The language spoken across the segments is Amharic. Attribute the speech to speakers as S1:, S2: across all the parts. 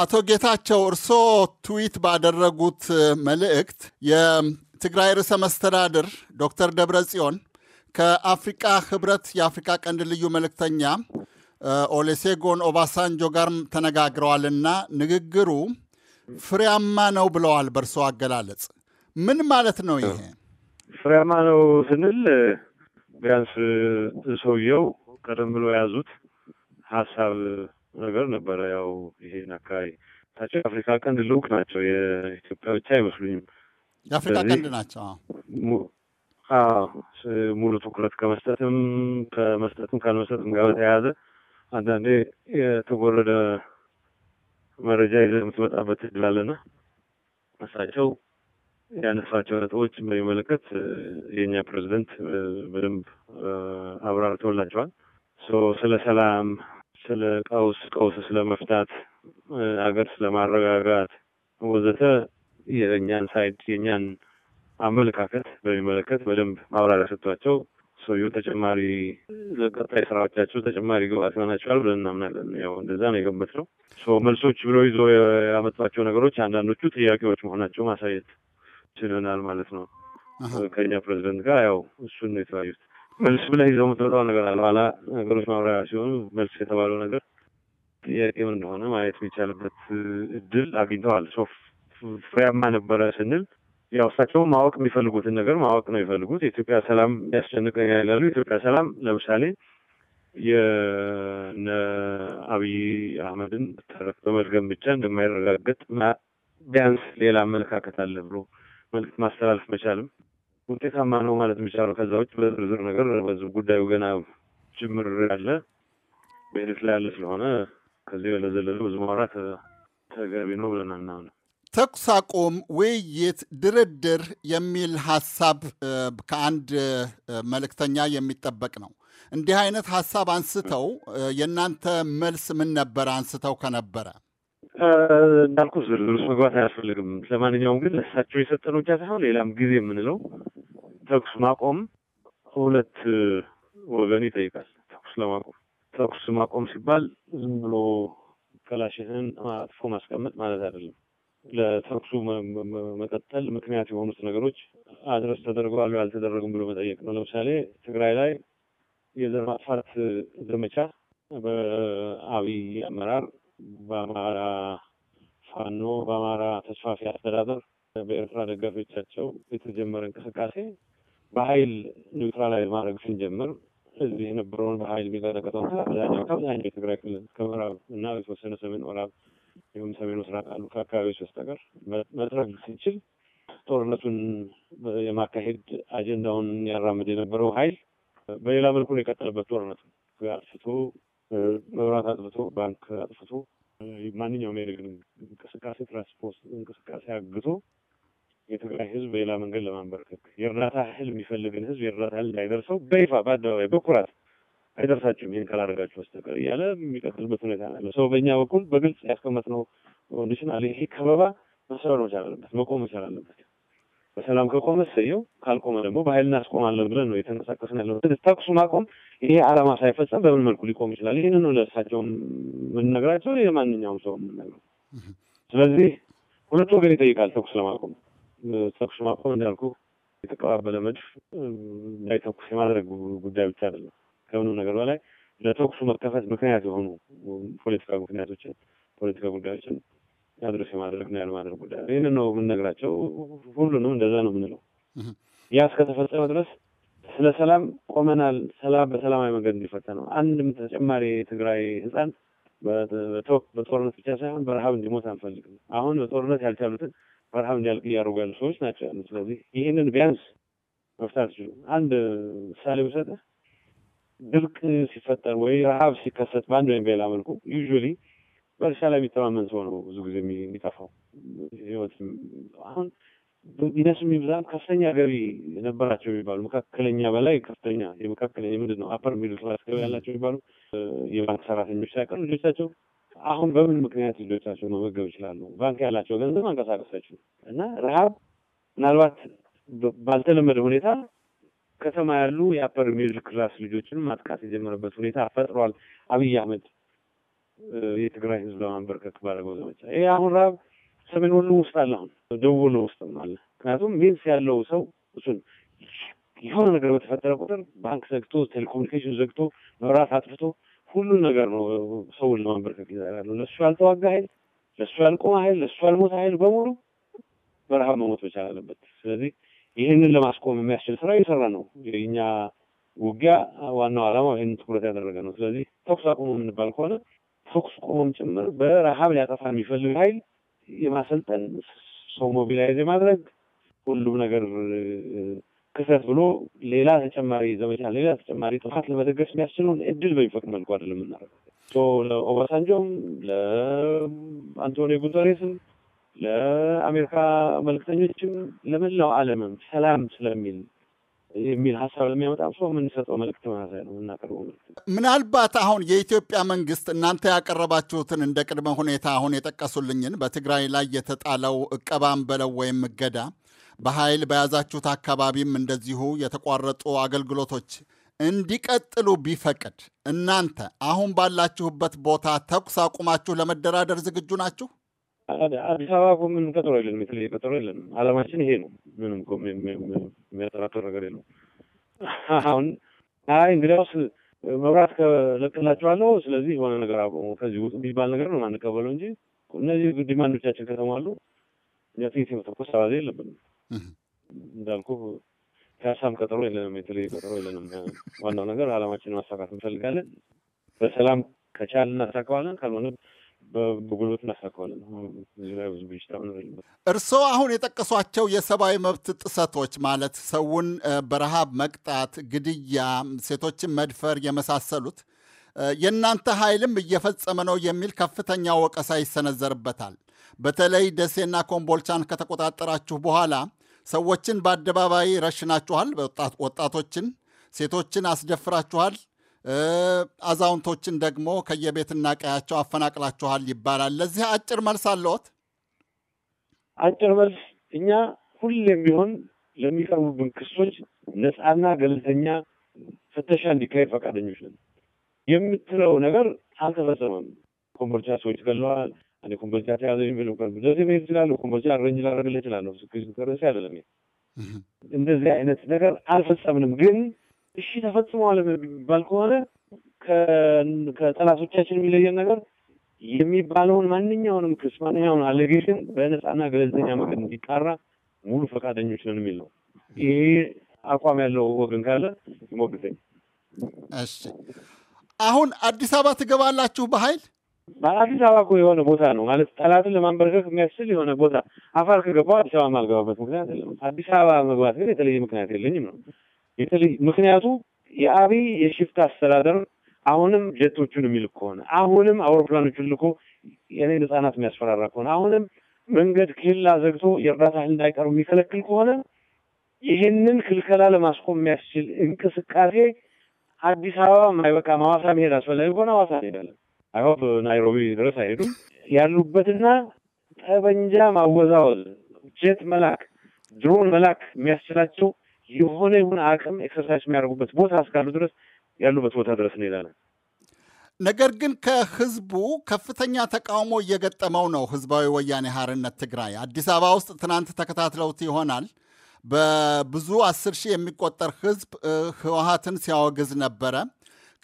S1: አቶ ጌታቸው እርስዎ ትዊት ባደረጉት መልእክት የትግራይ ርዕሰ መስተዳድር ዶክተር ደብረ ጽዮን ከአፍሪቃ ህብረት የአፍሪቃ ቀንድ ልዩ መልእክተኛ ኦሌሴጎን ኦባሳንጆ ጋር ተነጋግረዋልና ንግግሩ ፍሬያማ ነው ብለዋል። በእርሶ አገላለጽ ምን ማለት ነው ይሄ?
S2: ፍሬያማ ነው ስንል ቢያንስ ሰውየው ቀደም ብሎ የያዙት ሀሳብ ነገር ነበረ። ያው ይሄን አካባቢ ታቸው የአፍሪካ ቀንድ ልውቅ ናቸው። የኢትዮጵያ ብቻ አይመስሉኝም። የአፍሪካ ቀንድ ናቸው። ሙሉ ትኩረት ከመስጠትም ከመስጠትም ካልመስጠትም ጋር በተያያዘ አንዳንዴ የተጎረደ መረጃ ይዘህ የምትመጣበት እድል አለና እሳቸው ያነሳቸው ነጥቦች በሚመለከት የእኛ ፕሬዚደንት በደንብ አብራርተውላቸዋል። ስለ ሰላም ስለ ቀውስ ቀውስ ስለመፍታት ሀገር ስለማረጋጋት ወዘተ የእኛን ሳይድ የእኛን አመለካከት በሚመለከት በደንብ ማብራሪያ ሰጥቷቸው ሰውየው ተጨማሪ ለቀጣይ ስራዎቻቸው ተጨማሪ ግብአት ይሆናቸዋል ብለን እናምናለን። ያው እንደዛ ነው የገመት ነው መልሶች ብሎ ይዞ ያመጧቸው ነገሮች አንዳንዶቹ ጥያቄዎች መሆናቸው ማሳየት ችለናል ማለት ነው። ከኛ ፕሬዚደንት ጋር ያው እሱን ነው የተለያዩት። መልስ ብለህ ይዘው የምትመጣው ነገር አለ። ኋላ ነገሮች ማብራሪያ ሲሆኑ መልስ የተባለው ነገር ጥያቄም እንደሆነ ማየት የሚቻልበት እድል አግኝተዋል። ፍሬያማ ነበረ ስንል ያው እሳቸውም ማወቅ የሚፈልጉትን ነገር ማወቅ ነው የሚፈልጉት። የኢትዮጵያ ሰላም ያስጨንቀኛል ይላሉ። የኢትዮጵያ ሰላም ለምሳሌ የነ አብይ አህመድን ተረፍ በመድገም ብቻ እንደማይረጋገጥ ቢያንስ ሌላ አመለካከት አለ ብሎ መልዕክት ማስተላለፍ መቻልም ውጤታማ ነው ማለት የሚቻለው። ከዛ ውጭ በዝርዝር ነገር በዚህ ጉዳዩ ገና ጅምር ያለ በሂደት ላይ ያለ ስለሆነ ከዚህ በለዘለለ ብዙ ማውራት ተገቢ ነው ብለን አናምንም።
S1: ተኩስ አቁም፣ ውይይት፣ ድርድር የሚል ሀሳብ ከአንድ መልእክተኛ የሚጠበቅ ነው። እንዲህ አይነት ሀሳብ አንስተው የእናንተ መልስ ምን ነበር? አንስተው ከነበረ
S2: እንዳልኩ ዝርዝር ውስጥ መግባት አያስፈልግም። ለማንኛውም ግን ለእሳቸው የሰጠነው ብቻ ሳይሆን ሌላም ጊዜ የምንለው ተኩስ ማቆም ሁለት ወገን ይጠይቃል። ተኩስ ለማቆም ተኩስ ማቆም ሲባል ዝም ብሎ ከላሽህን አጥፎ ማስቀመጥ ማለት አይደለም። ለተኩሱ መቀጠል ምክንያት የሆኑት ነገሮች አድረስ ተደርገዋል አልተደረጉም ብሎ መጠየቅ ነው። ለምሳሌ ትግራይ ላይ የዘር ማጥፋት ዘመቻ በአብይ አመራር በአማራ ፋኖ በአማራ ተስፋፊ አስተዳደር በኤርትራ ደጋፊዎቻቸው የተጀመረ እንቅስቃሴ በኃይል ኒውትራላይዝ ማድረግ ስንጀምር እዚህ የነበረውን በኃይል የሚቀጠቀጠውን አብዛኛው ከአብዛኛው የትግራይ ክልል ከምዕራብ እና የተወሰነ ሰሜን ምዕራብ ይሁም ሰሜን ምስራቅ አሉ ከአካባቢዎች በስተቀር መጥረግ ስንችል ጦርነቱን የማካሄድ አጀንዳውን ያራምድ የነበረው ኃይል በሌላ መልኩ ነው የቀጠለበት ጦርነቱ አጥፍቶ አጥፍቶ ባንክ አጥፍቶ ማንኛውም የንግድ እንቅስቃሴ ትራንስፖርት እንቅስቃሴ አግቶ የትግራይ ህዝብ በሌላ መንገድ ለማንበርከክ የእርዳታ እህል የሚፈልግን ህዝብ የእርዳታ እህል እንዳይደርሰው በይፋ በአደባባይ በኩራት አይደርሳችሁም ይህን ካላደረጋችሁ በስተቀር እያለ የሚቀጥልበት ሁኔታ ያለ ሰው በእኛ በኩል በግልጽ ያስቀመጥነው ኮንዲሽን አለ። ይሄ ከበባ መሰበር መቻል አለበት፣ መቆም መቻል አለበት። በሰላም ከቆመ ሰየው፣ ካልቆመ ደግሞ በሀይል እናስቆማለን ብለን ነው የተንቀሳቀስን ያለው። ተኩሱ ማቆም ይሄ አላማ ሳይፈጸም በምን መልኩ ሊቆም ይችላል? ይህን ነው ለእሳቸው የምንነግራቸው፣ ለማንኛውም ሰው የምንነግረው። ስለዚህ ሁለቱ ወገን ይጠይቃል ተኩስ ለማቆም። ተኩስ ማቆም እንዳልኩ የተቀባበለ መድፍ እንዳይተኩስ የማድረግ ጉዳይ ብቻ አይደለም። ከምንም ነገር በላይ ለተኩሱ መከፈት ምክንያት የሆኑ ፖለቲካ ምክንያቶችን ፖለቲካ ጉዳዮችን አድርስ የማድረግ ነው ያለማድረግ ጉዳይ ይህን ነው የምንነግራቸው። ሁሉንም እንደዛ ነው የምንለው። ያ እስከተፈጸመ ድረስ ስለ ሰላም ቆመናል። ሰላም በሰላማዊ መንገድ እንዲፈታ ነው። አንድም ተጨማሪ ትግራይ ህፃን በጦርነት ብቻ ሳይሆን በረሃብ እንዲሞት አንፈልግም። አሁን በጦርነት ያልቻሉትን በረሃብ እንዲያልቅ እያደረጉ ያሉ ሰዎች ናቸው ያሉ። ስለዚህ ይህንን ቢያንስ መፍታት ይችሉ። አንድ ምሳሌ ብሰጥህ ድርቅ ሲፈጠር ወይ ረሃብ ሲከሰት በአንድ ወይም በሌላ መልኩ ዩዥዋሊ በእርሻ ላይ የሚተማመን ሰው ነው ብዙ ጊዜ የሚጠፋው። ህይወት አሁን ይነስም የሚብዛም ከፍተኛ ገቢ ነበራቸው የሚባሉ መካከለኛ በላይ ከፍተኛ የመካከለኛ ምንድን ነው አፐር ሚድል ክላስ ገቢ ያላቸው የሚባሉ የባንክ ሰራተኞች ሳይቀር ልጆቻቸው አሁን በምን ምክንያት ልጆቻቸው መመገብ ይችላሉ? ባንክ ያላቸው ገንዘብ አንቀሳቀሳቸው እና ረሃብ ምናልባት ባልተለመደ ሁኔታ ከተማ ያሉ የአፐር ሚድል ክላስ ልጆችን ማጥቃት የጀመረበት ሁኔታ ፈጥሯል አብይ አህመድ የትግራይ ህዝብ ለማንበርከክ ባደረገው ዘመቻ ይሄ አሁን ረሀብ ሰሜን ወሎ ውስጥ አለ፣ አሁን ደቡብ ወሎ ውስጥም አለ። ምክንያቱም ሚንስ ያለው ሰው እሱን የሆነ ነገር በተፈጠረ ቁጥር ባንክ ዘግቶ፣ ቴሌኮሙኒኬሽን ዘግቶ፣ መብራት አጥፍቶ ሁሉን ነገር ነው ሰውን ለማንበርከክ ይዘራሉ። ለእሱ ያልተዋጋ ሀይል፣ ለእሱ ያልቆመ ሀይል፣ ለእሱ ያልሞተ ሀይል በሙሉ በረሃብ መሞት መቻል አለበት። ስለዚህ ይህንን ለማስቆም የሚያስችል ስራ እየሰራ ነው። የእኛ ውጊያ ዋናው ዓላማ ይህንን ትኩረት ያደረገ ነው። ስለዚህ ተኩስ አቁሙ የምንባል ከሆነ ተኩስ ቆሞም ጭምር በረሃብ ሊያጠፋ የሚፈልግ ኃይል የማሰልጠን ሰው ሞቢላይዝ የማድረግ ሁሉም ነገር ክሰት ብሎ ሌላ ተጨማሪ ዘመቻ፣ ሌላ ተጨማሪ ጥፋት ለመደገፍ የሚያስችለውን እድል በሚፈቅድ መልኩ አይደለም የምናደርገው። ለኦባሳንጆም፣ ለአንቶኒዮ ጉተሬስም፣ ለአሜሪካ መልክተኞችም፣ ለመላው ዓለምም ሰላም ስለሚል የሚል ሀሳብ ለሚያመጣም ሰው የምንሰጠው መልእክት ማለት ነው የምናቀርበው መልእክት።
S1: ምናልባት አሁን የኢትዮጵያ መንግስት እናንተ ያቀረባችሁትን እንደ ቅድመ ሁኔታ አሁን የጠቀሱልኝን በትግራይ ላይ የተጣለው እቀባም በለው ወይም እገዳ በኃይል በያዛችሁት አካባቢም እንደዚሁ የተቋረጡ አገልግሎቶች እንዲቀጥሉ ቢፈቅድ እናንተ አሁን ባላችሁበት ቦታ ተኩስ አቁማችሁ ለመደራደር ዝግጁ ናችሁ?
S2: አዲስ አበባ እኮ ምን ቀጠሮ የለንም፣ የተለየ ቀጠሮ የለንም። አለማችን ይሄ ነው። ምንም እኮ የሚያጠራጥር ነገር የለም። አሁን አይ እንግዲያውስ መብራት ከለቅላቸዋለሁ፣ ስለዚህ የሆነ ነገር አቆሙ ከዚህ ውጡ የሚባል ነገር ነው የማንቀበለው እንጂ እነዚህ ዲማንዶቻችን ከተሟሉ እኛ ጥይት የመተኮስ አባዜ የለብንም። እንዳልኩ ከሀሳብ ቀጠሮ የለንም፣ የተለየ ቀጠሮ የለንም። ዋናው ነገር አለማችን ማሳካት እንፈልጋለን። በሰላም ከቻልን እናሳካዋለን፣ ካልሆነ በጉልበት
S1: እርስዎ አሁን የጠቀሷቸው የሰብአዊ መብት ጥሰቶች ማለት ሰውን በረሃብ መቅጣት፣ ግድያ፣ ሴቶችን መድፈር የመሳሰሉት የእናንተ ኃይልም እየፈጸመ ነው የሚል ከፍተኛ ወቀሳ ይሰነዘርበታል። በተለይ ደሴና ኮምቦልቻን ከተቆጣጠራችሁ በኋላ ሰዎችን በአደባባይ ረሽናችኋል፣ ወጣቶችን፣ ሴቶችን አስደፍራችኋል አዛውንቶችን ደግሞ ከየቤትና ቀያቸው አፈናቅላችኋል ይባላል። ለዚህ አጭር መልስ አለዎት? አጭር መልስ እኛ ሁሌም ቢሆን
S2: ለሚቀርቡብን ክሶች ነፃና ገለልተኛ ፍተሻ እንዲካሄድ ፈቃደኞች ነን። የምትለው ነገር አልተፈጸመም። ኮምቦልቻ ሰዎች ገለዋል። እኔ ኮምቦልቻ ተያዘ የሚለው ደሴ መሄድ እችላለሁ። ኮምቦልቻ ረንጅ ላደርግልህ እችላለሁ። ስክሪስ ከረሲ አይደለም። እንደዚህ አይነት ነገር አልፈጸምንም ግን እሺ ተፈጽመዋል የሚባል ከሆነ ከጠላቶቻችን የሚለየን ነገር የሚባለውን ማንኛውንም ክስ ማንኛውን አሌጌሽን በነፃና ገለልተኛ መንገድ እንዲጣራ ሙሉ ፈቃደኞች ነን የሚል ነው። ይሄ አቋም ያለው ወገን ካለ ይሞግተኝ። እሺ
S1: አሁን አዲስ አበባ ትገባላችሁ በኃይል
S2: አዲስ አበባ እኮ የሆነ ቦታ ነው ማለት ጠላትን ለማንበርከክ የሚያስችል የሆነ ቦታ አፋር ከገባው አዲስ አበባ ማልገባበት ምክንያት የለም። አዲስ አበባ መግባት ግን የተለየ ምክንያት የለኝም ነው ምክንያቱ የአብይ የሽፍት አስተዳደር አሁንም ጀቶቹን የሚልክ ከሆነ አሁንም አውሮፕላኖቹን ልኮ የኔን ህጻናት የሚያስፈራራ ከሆነ አሁንም መንገድ ኬላ ዘግቶ የእርዳታ እህል እንዳይቀሩ የሚከለክል ከሆነ ይህንን ክልከላ ለማስቆም የሚያስችል እንቅስቃሴ አዲስ አበባ ማይበቃ ማዋሳ መሄድ አስፈላጊ ከሆነ አዋሳ ሄዳለን። አይሆፕ ናይሮቢ ድረስ አይሄዱም። ያሉበትና ጠበንጃ ማወዛወዝ፣ ጀት መላክ፣ ድሮን መላክ የሚያስችላቸው የሆነ የሆነ አቅም ኤክሰርሳይዝ የሚያደርጉበት ቦታ እስካሉ ድረስ ያሉበት ቦታ ድረስ እንሄዳለን።
S1: ነገር ግን ከህዝቡ ከፍተኛ ተቃውሞ እየገጠመው ነው ህዝባዊ ወያኔ ሀርነት ትግራይ። አዲስ አበባ ውስጥ ትናንት ተከታትለውት ይሆናል በብዙ አስር ሺህ የሚቆጠር ህዝብ ህወሀትን ሲያወግዝ ነበረ።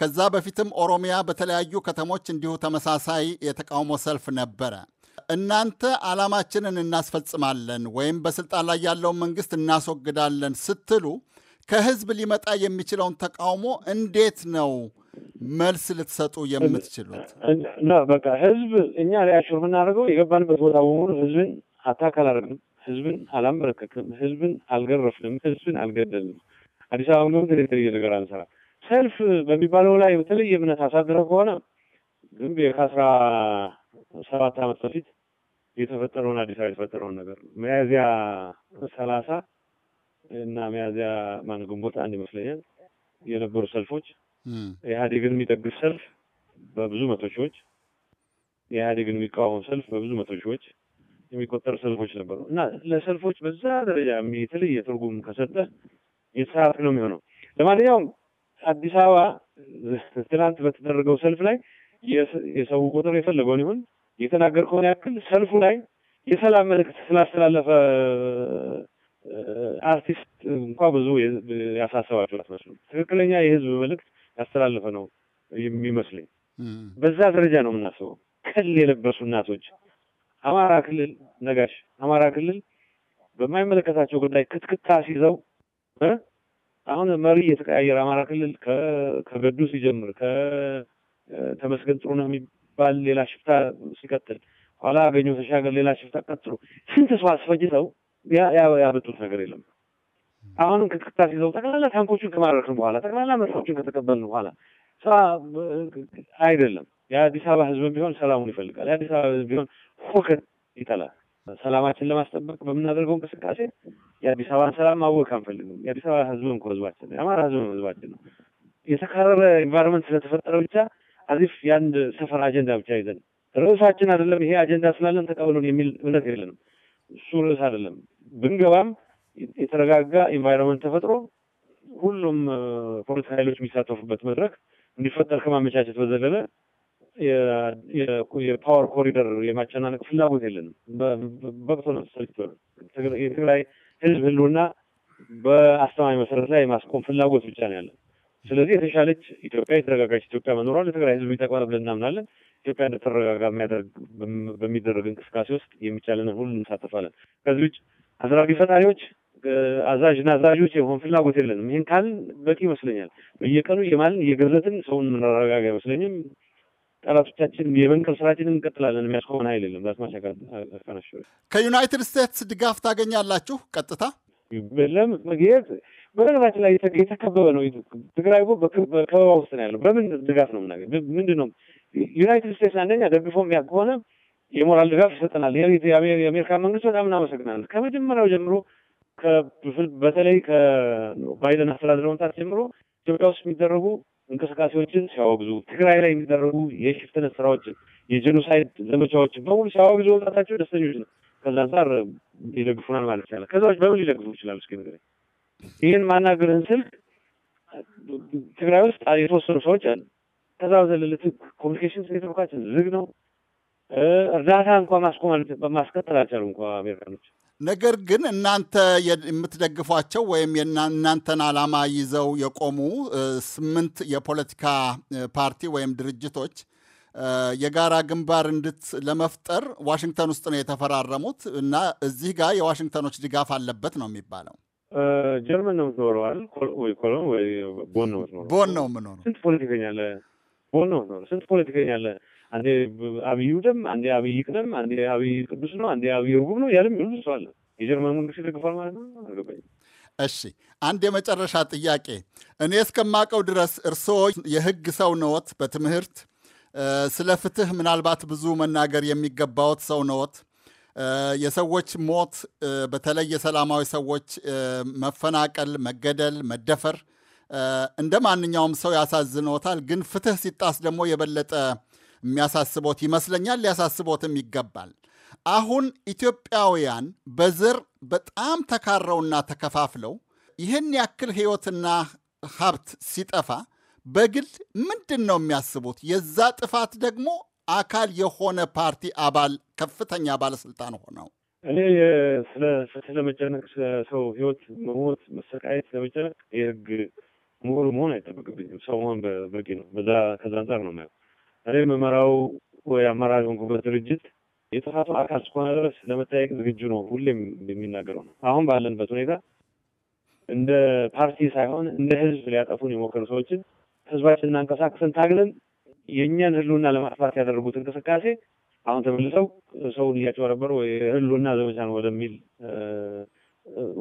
S1: ከዛ በፊትም ኦሮሚያ በተለያዩ ከተሞች እንዲሁ ተመሳሳይ የተቃውሞ ሰልፍ ነበረ። እናንተ ዓላማችንን እናስፈጽማለን ወይም በስልጣን ላይ ያለውን መንግስት እናስወግዳለን ስትሉ ከህዝብ ሊመጣ የሚችለውን ተቃውሞ እንዴት ነው መልስ ልትሰጡ የምትችሉት? በቃ ህዝብ እኛ ሪያሽር የምናደርገው
S2: የገባንበት ቦታ በሆኑ ህዝብን አታክ አላደረግንም፣ ህዝብን አላንበረከክንም፣ ህዝብን አልገረፍንም፣ ህዝብን አልገደልንም። አዲስ አበባ ግን የተለየ ነገር አንሰራ። ሰልፍ በሚባለው ላይ በተለየ እምነት አሳድረ ከሆነ ግን ከአስራ ሰባት ዓመት በፊት የተፈጠረውን አዲስ አበባ የተፈጠረውን ነገር ነው። ሚያዝያ ሰላሳ እና ሚያዝያ ማን ግንቦት አንድ ይመስለኛል የነበሩ ሰልፎች ኢህአዴግን የሚጠግፍ ሰልፍ በብዙ መቶ ሺዎች፣ የኢህአዴግን የሚቃወም ሰልፍ በብዙ መቶ ሺዎች የሚቆጠሩ ሰልፎች ነበሩ እና ለሰልፎች በዛ ደረጃ የተለየ ትርጉም ከሰጠ የተሳራፊ ነው የሚሆነው። ለማንኛውም አዲስ አበባ ትናንት በተደረገው ሰልፍ ላይ የሰው ቁጥር የፈለገውን ይሁን የተናገርከውን ያክል ሰልፉ ላይ የሰላም መልእክት ስላስተላለፈ አርቲስት እንኳ ብዙ ያሳሰባቸው አትመስሉም። ትክክለኛ የህዝብ መልእክት ያስተላለፈ ነው የሚመስለኝ። በዛ ደረጃ ነው የምናስበው። ቅል የለበሱ እናቶች አማራ ክልል ነጋሽ አማራ ክልል በማይመለከታቸው ጉዳይ ክትክታ ሲይዘው አሁን መሪ የተቀያየረ አማራ ክልል ከገዱ ሲጀምር ከተመስገን ጥሩነህ ባል ሌላ ሽፍታ ሲቀጥል ኋላ አገኘሁ ተሻገር ሌላ ሽፍታ ቀጥሎ ስንት ሰው አስፈጅተው ያመጡት ነገር የለም። አሁንም ከቅጣ ሲዘው ጠቅላላ ታንኮቹን ከማረክን በኋላ ጠቅላላ መጥፎቹን ከተቀበልን በኋላ አይደለም። የአዲስ አበባ ህዝብ ቢሆን ሰላሙን ይፈልጋል። የአዲስ አበባ ህዝብ ቢሆን ሁከት ይጠላል። ሰላማችን ለማስጠበቅ በምናደርገው እንቅስቃሴ የአዲስ አበባን ሰላም ማወቅ አንፈልግም። የአዲስ አበባ ሕዝብም እኮ ህዝባችን ነው። የአማራ ሕዝብም ህዝባችን ነው። የተካረረ ኢንቫይሮንመንት ስለተፈጠረ ብቻ አዚፍ የአንድ ሰፈር አጀንዳ ብቻ ይዘን ርዕሳችን አይደለም። ይሄ አጀንዳ ስላለን ተቀብለን የሚል እምነት የለንም። እሱ ርዕስ አይደለም። ብንገባም የተረጋጋ ኢንቫይሮንመንት ተፈጥሮ ሁሉም ፖለቲካ ኃይሎች የሚሳተፉበት መድረክ እንዲፈጠር ከማመቻቸት በዘለለ የፓወር ኮሪደር የማጨናነቅ ፍላጎት የለንም። በቅቶ ነው የትግራይ ህዝብ ህልውና በአስተማማኝ መሰረት ላይ የማስቆም ፍላጎት ብቻ ነው ያለን። ስለዚህ የተሻለች ኢትዮጵያ የተረጋጋች ኢትዮጵያ መኖሯን ለትግራይ ህዝብ ይጠቅማል ብለን እናምናለን። ኢትዮጵያ እንደተረጋጋ በሚደረግ እንቅስቃሴ ውስጥ የሚቻለንን ሁሉ እንሳተፋለን። ከዚህ ውጭ አስራቢ ፈጣሪዎች አዛዥና አዛዦች የሆን ፍላጎት የለንም። ይህን ካልን በቂ ይመስለኛል። በየቀኑ እየማልን እየገለጥን ሰውን የምናረጋጋ አይመስለኝም። ጠላቶቻችን የመንቀል ስራችንን እንቀጥላለን። የሚያስቆመን ኃይል የለም። ዳስማሽ
S1: ከዩናይትድ ስቴትስ ድጋፍ ታገኛላችሁ ቀጥታ ለመሄድ በነገራችን ላይ የተከበበ ነው። ትግራይ በከበባ ውስጥ ነው ያለው። በምን
S2: ድጋፍ ነው ምናገ ምንድን ነው ዩናይትድ ስቴትስ አንደኛ ደግፎ የሚያውቅ ከሆነ የሞራል ድጋፍ ይሰጠናል። የአሜሪካ መንግስት በጣም እናመሰግናለን። ከመጀመሪያው ጀምሮ በተለይ ከባይደን አስተዳደር መምጣት ጀምሮ ኢትዮጵያ ውስጥ የሚደረጉ እንቅስቃሴዎችን ሲያወግዙ፣ ትግራይ ላይ የሚደረጉ የሽፍትነት ስራዎችን፣ የጀኖሳይድ ዘመቻዎችን በሙሉ ሲያወግዙ መምጣታቸው ደስተኞች ነው። ከዛ አንጻር ይደግፉናል ማለት ይቻላል። ከዛዎች በምን ሊደግፉ ይችላሉ? እስኪ ንገረኝ። ይህን ማናገርን ስል ትግራይ ውስጥ የተወሰኑ ሰዎች አሉ።
S1: ከዛ በዘለለት ኮሚኒኬሽን ኔትወርካችን ዝግ ነው። እርዳታ እንኳ ማስቆም ማስከተል አልቻሉ እንኳ አሜሪካኖች። ነገር ግን እናንተ የምትደግፏቸው ወይም እናንተን ዓላማ ይዘው የቆሙ ስምንት የፖለቲካ ፓርቲ ወይም ድርጅቶች የጋራ ግንባር እንድት ለመፍጠር ዋሽንግተን ውስጥ ነው የተፈራረሙት እና እዚህ ጋር የዋሽንግተኖች ድጋፍ አለበት ነው የሚባለው።
S2: ጀርመን ነው የምትኖረው አይደል? ወይ ኮሎን ወይ ቦን ነው የምትኖረው? ቦን ነው የምኖረው። ስንት ፖለቲከኛ አለ? ቦን ነው የምትኖረው። ስንት ፖለቲከኛ አለ? አንዴ አብይ ይውደም፣ አንዴ አብይ ይቅደም፣ አንዴ አብይ
S1: ቅዱስ ነው፣ አንዴ አብይ ርጉም ነው ያለም ይሉ ሰው አለ። የጀርመን መንግስት ይደግፋል ማለት ነው። እሺ አንድ የመጨረሻ ጥያቄ። እኔ እስከማቀው ድረስ እርስዎ የህግ ሰው ነዎት፣ በትምህርት ስለ ፍትህ ምናልባት ብዙ መናገር የሚገባዎት ሰው ነዎት። የሰዎች ሞት በተለይ የሰላማዊ ሰዎች መፈናቀል፣ መገደል፣ መደፈር እንደ ማንኛውም ሰው ያሳዝኖታል። ግን ፍትህ ሲጣስ ደግሞ የበለጠ የሚያሳስቦት ይመስለኛል፣ ሊያሳስቦትም ይገባል። አሁን ኢትዮጵያውያን በዘር በጣም ተካረውና ተከፋፍለው ይህን ያክል ሕይወትና ሀብት ሲጠፋ በግል ምንድን ነው የሚያስቡት? የዛ ጥፋት ደግሞ አካል የሆነ ፓርቲ አባል ከፍተኛ ባለስልጣን ሆነው
S2: እኔ ስለ ፍትህ ለመጨነቅ ስለ ሰው ህይወት መሞት መሰቃየት ለመጨነቅ የህግ ምሁር መሆን አይጠበቅብኝም። ሰው መሆን በቂ ነው። በዛ ከዛ አንጻር ነው የማየው። እኔ መመራው ወይ አመራር ሆንኩበት ድርጅት የጥፋቱ አካል እስከሆነ ድረስ ለመጠየቅ ዝግጁ ነው ሁሌም የሚናገረው ነው። አሁን ባለንበት ሁኔታ እንደ ፓርቲ ሳይሆን እንደ ህዝብ ሊያጠፉን የሞከሩ ሰዎችን ህዝባችን እናንቀሳቅሰን ታግለን የእኛን ህልውና ለማጥፋት ያደረጉት እንቅስቃሴ አሁን ተመልሰው ሰውን እያጭበረበሩ የህልውና ዘመቻ ነው ወደሚል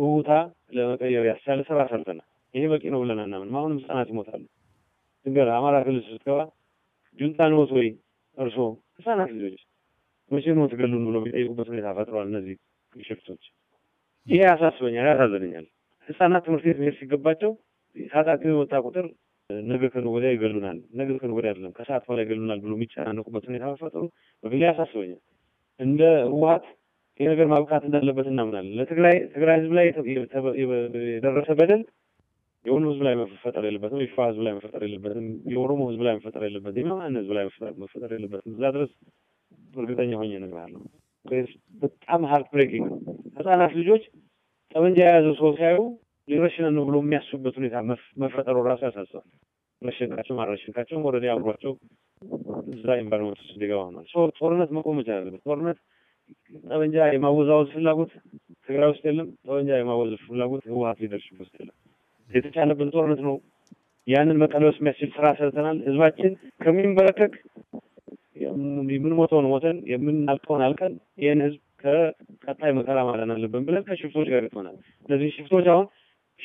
S2: ውታ ለመቀየር ያስቻለ ስራ ሰርተናል። ይሄ በቂ ነው ብለን አናምንም። አሁንም ህጻናት ይሞታሉ። ድንገር አማራ ክልል ስትገባ ጁንታን ሞት ወይ እርስዎ ህጻናት ልጆች መቼ ነው ትገሉን ብሎ የሚጠይቁበት ሁኔታ ፈጥሯል። እነዚህ ሽፍቶች ይሄ ያሳስበኛል፣ ያሳዝነኛል። ህጻናት ትምህርት ቤት መሄድ ሲገባቸው ታጣቂ የወጣ ቁጥር ነገ ወዲያ ይገሉናል፣ ነገ ወዲያ አይደለም ከሰዓት በኋላ ይገሉናል ብሎ የሚጨናነቁበት ሁኔታ መፈጠሩ በግሌ ያሳስበኛል። እንደ ህወሓት ይህ ነገር ማብቃት እንዳለበት እናምናለን። ለትግራይ ትግራይ ህዝብ ላይ የደረሰ በደል የኦሮሞ ህዝብ ላይ መፈጠር የለበትም። የሸዋ ህዝብ ላይ መፈጠር የለበትም። የኦሮሞ ህዝብ ላይ መፈጠር የለበትም። የማን ህዝብ ላይ መፈጠር የለበትም። እዛ ድረስ እርግጠኛ ሆኜ እነግርሃለሁ። በጣም ሀርት ብሬኪንግ ነው። ህጻናት ልጆች ጠመንጃ የያዘው ሰው ሲያዩ ሊረሽን ነው ብሎ የሚያስቡበት ሁኔታ መፈጠሩ ራሱ ያሳሳል። ረሸንካቸው ማረሸንካቸውም ወደ አብሯቸው እዛ ኤንቫይሮመንት ውስጥ ሊገባ ሆኗል። ጦርነት መቆም መቻል አለበት። ጦርነት ጠበንጃ የማወዛወዝ ፍላጎት ትግራይ ውስጥ የለም። ጠበንጃ የማወዝ ፍላጎት ህወሀት ሊደርሽብ ውስጥ የለም። የተቻለብን ጦርነት ነው። ያንን መቀለበስ የሚያስችል ስራ ሰርተናል። ህዝባችን ከሚንበረከክ የምንሞተውን ሞተን የምናልቀውን አልቀን ይህን ህዝብ ከቀጣይ መከራ ማለን አለብን ብለን ከሽፍቶች ጋር ገጥመናል። እነዚህ ሽፍቶች አሁን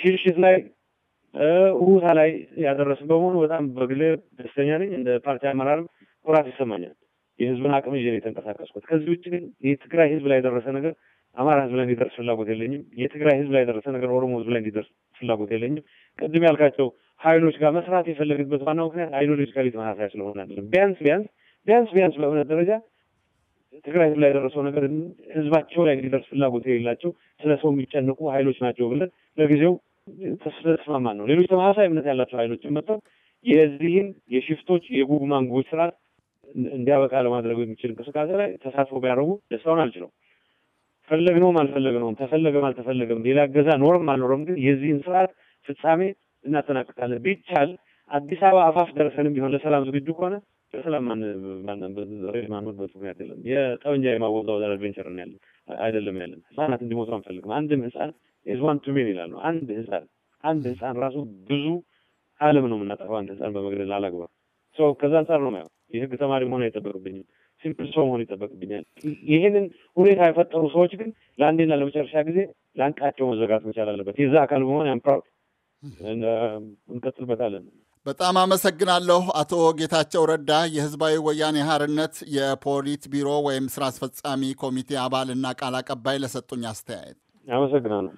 S2: ሽሽት ላይ ውሃ ላይ ያደረሱ በመሆኑ በጣም በግሌ ደስተኛ ነኝ። እንደ ፓርቲ አመራር ኩራት ይሰማኛል። የህዝብን አቅም ይዤ ነው የተንቀሳቀስኩት። ከዚህ ውጭ ግን የትግራይ ህዝብ ላይ የደረሰ ነገር አማራ ህዝብ ላይ እንዲደርስ ፍላጎት የለኝም። የትግራይ ህዝብ ላይ የደረሰ ነገር ኦሮሞ ህዝብ ላይ እንዲደርስ ፍላጎት የለኝም። ቅድም ያልካቸው ሀይሎች ጋር መስራት የፈለግበት ዋናው ምክንያት አይዲዮሎጂካሊ ተመሳሳይ ስለሆነ አይደለም። ቢያንስ ቢያንስ ቢያንስ ቢያንስ በእምነት ደረጃ ትግራይ ላይ የደረሰው ነገር ህዝባቸው ላይ እንዲደርስ ፍላጎት የሌላቸው ስለ ሰው የሚጨንቁ ሀይሎች ናቸው ብለን ለጊዜው ተስማማ ነው። ሌሎች ተመሳሳይ እምነት ያላቸው ሀይሎች መጥተው የዚህን የሽፍቶች የጉጉማን ማንጎች ስርዓት እንዲያበቃ ለማድረግ የሚችል እንቅስቃሴ ላይ ተሳትፎ ቢያደርጉ ደስታውን አልችለው። ፈለግነውም አልፈለግነውም፣ ተፈለገም አልተፈለገም፣ ሌላ ገዛ ኖርም አልኖረም፣ ግን የዚህን ስርዓት ፍጻሜ እናጠናቅቃለን። ቢቻል አዲስ አበባ አፋፍ ደረሰንም ቢሆን ለሰላም ዝግጁ ከሆነ ስለማንበት ምክንያት የለም። የጠመንጃ የማወዛወዝ አድቬንቸር ነው ያለን አይደለም ያለን። ህጻናት እንዲሞቱ አንፈልግም። አንድም ህጻን ኢዝ ዋን ቱ ሜኒ ይላሉ። አንድ ህጻን አንድ ህጻን ራሱ ብዙ አለም ነው የምናጠፋው። አንድ ህጻን በመግደል አላግባብ ሰው ከዛ አንጻር ነው የማየው። የህግ ተማሪ መሆን አይጠበቅብኝም። ሲምፕል ሰው መሆን ይጠበቅብኛል። ይህንን ሁኔታ የፈጠሩ ሰዎች ግን ለአንዴና ለመጨረሻ ጊዜ ለአንቃቸው መዘጋት መቻል አለበት። የዛ አካል በመሆን ያምፕራውድ እንቀጥልበታለን።
S1: በጣም አመሰግናለሁ አቶ ጌታቸው ረዳ የህዝባዊ ወያኔ ሀርነት የፖሊት ቢሮ ወይም ስራ አስፈጻሚ ኮሚቴ አባልና ቃል አቀባይ ለሰጡኝ አስተያየት
S2: አመሰግናለሁ።